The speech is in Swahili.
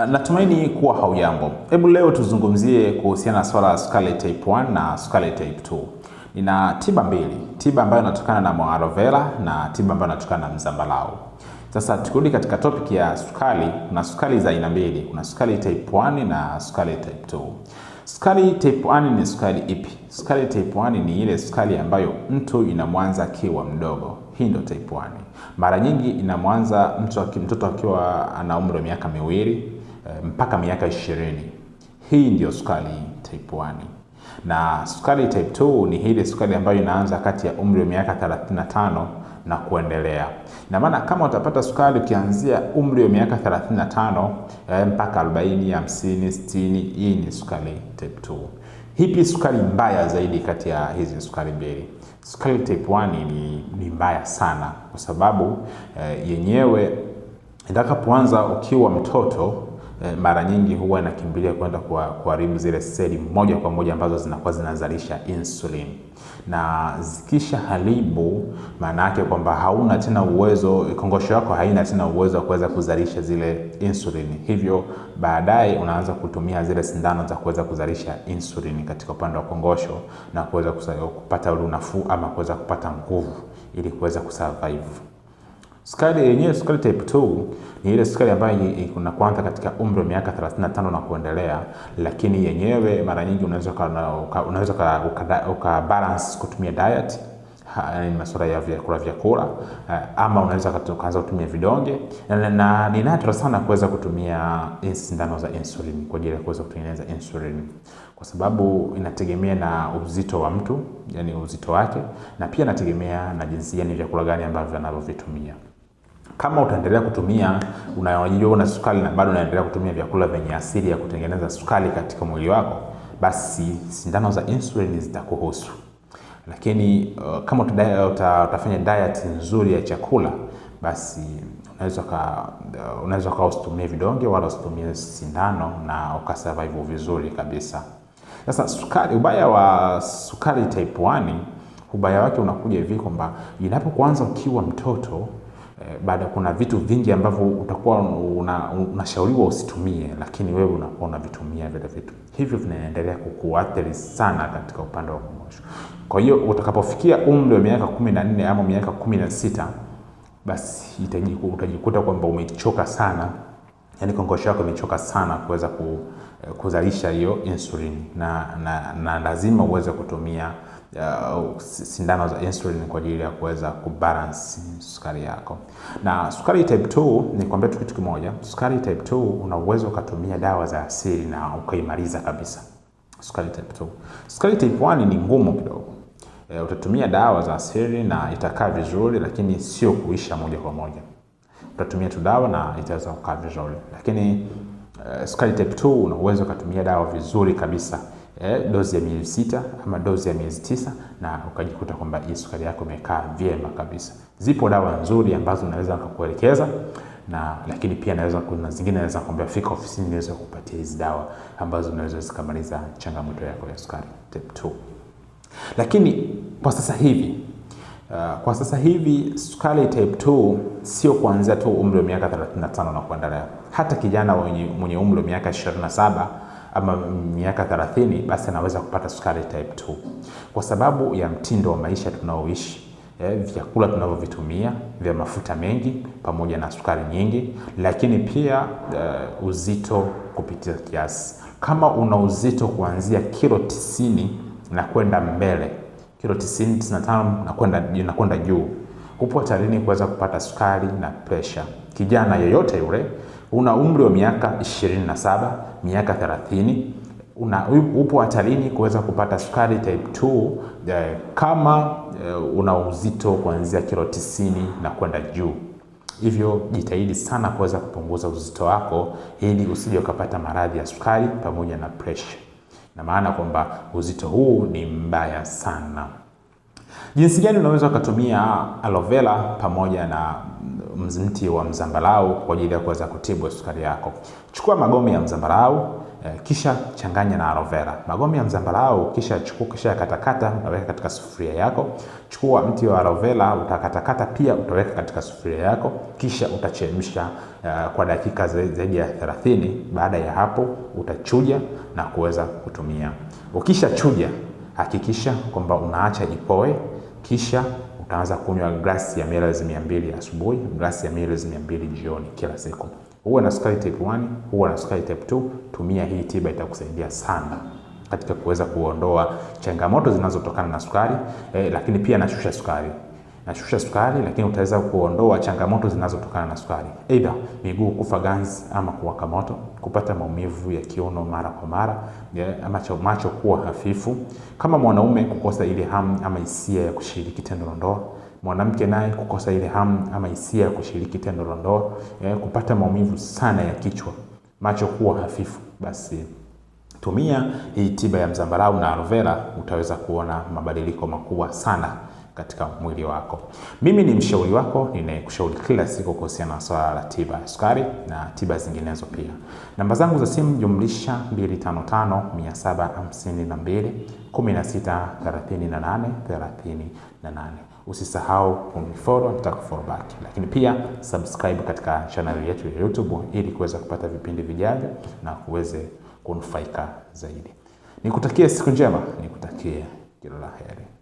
Ah, natumaini kuwa haujambo. Hebu leo tuzungumzie kuhusiana na swala la sukari type 1 na sukari type 2. Nina tiba mbili, tiba ambayo inatokana na aloe vera na tiba ambayo inatokana na mzambarau. Sasa tukirudi katika topic ya sukari, kuna sukari za aina mbili, kuna sukari type 1 na sukari type 2. Sukari type 1 ni sukari ipi? Sukari type 1 ni ile sukari ambayo mtu inamwanza akiwa mdogo. Hii ndio type 1. Mara nyingi inamwanza mtu mtoto akiwa ana umri wa miaka miwili Eh, mpaka miaka ishirini. Hii ndio sukari type 1 na sukari type 2 ni ile sukari ambayo inaanza kati ya umri wa miaka 35 na kuendelea. Na maana kama utapata sukari ukianzia umri wa miaka 35 eh, mpaka 40, 50, 60, hii ni sukari type 2. Hipi sukari mbaya zaidi kati ya hizi sukari mbili? Sukari type 1 ni, ni mbaya sana kwa sababu eh, yenyewe itakapoanza ukiwa mtoto Eh, mara nyingi huwa inakimbilia kwenda kuharibu zile seli moja kwa moja ambazo zinakuwa zinazalisha insulin, na zikisha haribu, maana yake kwamba hauna tena uwezo, kongosho yako haina tena uwezo wa kuweza kuzalisha zile insulin. Hivyo baadaye unaanza kutumia zile sindano za kuweza kuzalisha insulin katika upande wa kongosho na kuweza kupata unafuu ama kuweza kupata nguvu ili kuweza kusurvive. Sukari yenyewe sukari type 2 ni ile sukari ambayo kuna kwanza katika umri wa miaka 35 na kuendelea, lakini yenyewe mara nyingi unaweza unaweza ukabalance kutumia diet ni yaani masuala ya vyakula vyakula, ama unaweza kuanza kutumia vidonge, na ni nadra sana kuweza kutumia sindano za insulin kwa ajili ya kuweza kutengeneza insulin, kwa sababu inategemea na uzito wa mtu, yani uzito wake, na pia inategemea na jinsi gani, vyakula gani ambavyo anavyovitumia. Kama utaendelea kutumia unayojua una sukari na bado unaendelea kutumia vyakula vyenye asili ya kutengeneza sukari katika mwili wako, basi sindano za insulin zitakuhusu. Lakini uh, kama uta, uta, utafanya diet nzuri ya chakula, basi unaweza ka uh, unaweza ukawa usitumie vidonge wala usitumie sindano na ukasurvive vizuri kabisa. Sasa sukari, ubaya wa sukari type 1, ubaya wake unakuja hivi kwamba inapokuanza ukiwa mtoto Eh, baada kuna vitu vingi ambavyo utakuwa unashauriwa una usitumie, lakini wewe unakuwa unavitumia vile vitu hivyo, vinaendelea kukuathiri sana katika upande wa kumosho. Kwa hiyo utakapofikia umri wa miaka kumi na nne ama miaka kumi na sita basi utajikuta kwamba umechoka sana yani kongosho yako imechoka sana kuweza ku, eh, kuzalisha hiyo insulin na, na, na lazima uweze kutumia uh, sindano za insulin kwa ajili ya kuweza kubalance sukari yako. Na sukari type 2 ni kwambia tu kitu kimoja, sukari type 2 una uwezo ukatumia dawa za asili na ukaimaliza kabisa sukari type 2. Sukari type 1 ni ngumu kidogo. E, utatumia dawa za asili na itakaa vizuri, lakini sio kuisha moja kwa moja utatumia tu dawa na itaweza kukaa vizuri. Lakini uh, sukari type 2 una uwezo ukatumia dawa vizuri kabisa eh, dozi ya miezi sita ama dozi ya miezi tisa na ukajikuta kwamba hii sukari yako imekaa vyema kabisa. Zipo dawa nzuri ambazo naweza nikakuelekeza na lakini pia naweza kuna zingine naweza kwambia fika ofisini niweze kukupatia hizi dawa ambazo unaweza zikamaliza changamoto yako ya sukari type 2. Lakini kwa sasa hivi Uh, kwa sasa hivi sukari type 2 sio kuanzia tu umri wa miaka 35 na kuendelea. Hata kijana mwenye umri wa miaka 27 ama miaka 30 basi anaweza kupata sukari type 2 kwa sababu ya mtindo wa maisha tunaoishi, eh, vyakula tunavyovitumia vya mafuta mengi pamoja na sukari nyingi, lakini pia uh, uzito kupitia kiasi. Kama una uzito kuanzia kilo 90 na kwenda mbele kilo 90 95 na kwenda na kwenda juu, upo hatarini kuweza kupata sukari na presha. Kijana yeyote yule, una umri wa miaka 27 miaka 30 Una, upo hatarini kuweza kupata sukari type 2 eh, kama eh, una uzito kuanzia kilo 90 na kwenda juu. Hivyo jitahidi sana kuweza kupunguza uzito wako ili usije ukapata maradhi ya sukari pamoja na pressure na maana kwamba uzito huu ni mbaya sana. Jinsi gani unaweza ukatumia aloe vera pamoja na mti wa mzambarau kwa ajili ya kuweza kutibu sukari yako? Chukua magome ya mzambarau Eh, kisha changanya na aloe vera. Magome ya mzambarau kisha chukua, kisha katakata unaweka katika sufuria yako. Chukua mti wa aloe vera utakatakata pia utaweka katika sufuria yako, kisha utachemsha uh, kwa dakika zaidi ya 30. Baada ya hapo utachuja na kuweza kutumia. Ukisha chuja, hakikisha kwamba unaacha ipoe, kisha utaanza kunywa glasi ya mililita 200 asubuhi, glasi ya mililita 200 jioni kila siku. Huwa na sukari type 1, huwa na sukari type 2, tumia hii tiba itakusaidia sana katika kuweza kuondoa changamoto zinazotokana na sukari eh, lakini pia nashusha sukari nashusha sukari, lakini utaweza kuondoa changamoto zinazotokana na sukari, aidha miguu kufa ganzi ama kuwaka moto, kupata maumivu ya kiuno mara kwa mara, eh, macho, macho kuwa hafifu, kama mwanaume kukosa ile hamu ama hisia ya kushiriki tendo la ndoa mwanamke naye kukosa ile hamu ama hisia ya kushiriki tendo la ndoa, eh, kupata maumivu sana ya kichwa, macho kuwa hafifu, basi tumia hii tiba ya mzambarau na aloe vera, utaweza kuona mabadiliko makubwa sana katika mwili wako. Mimi ni mshauri wako ninayekushauri kila siku kuhusiana na swala la tiba ya sukari na tiba zinginezo pia. Namba zangu za simu jumlisha 255 752 16 38 38. Usisahau kunifollow, nitakufollow back, lakini pia subscribe katika channel yetu ya YouTube ili kuweza kupata vipindi vijavyo na kuweze kunufaika zaidi. Nikutakie siku njema, nikutakie kila la heri.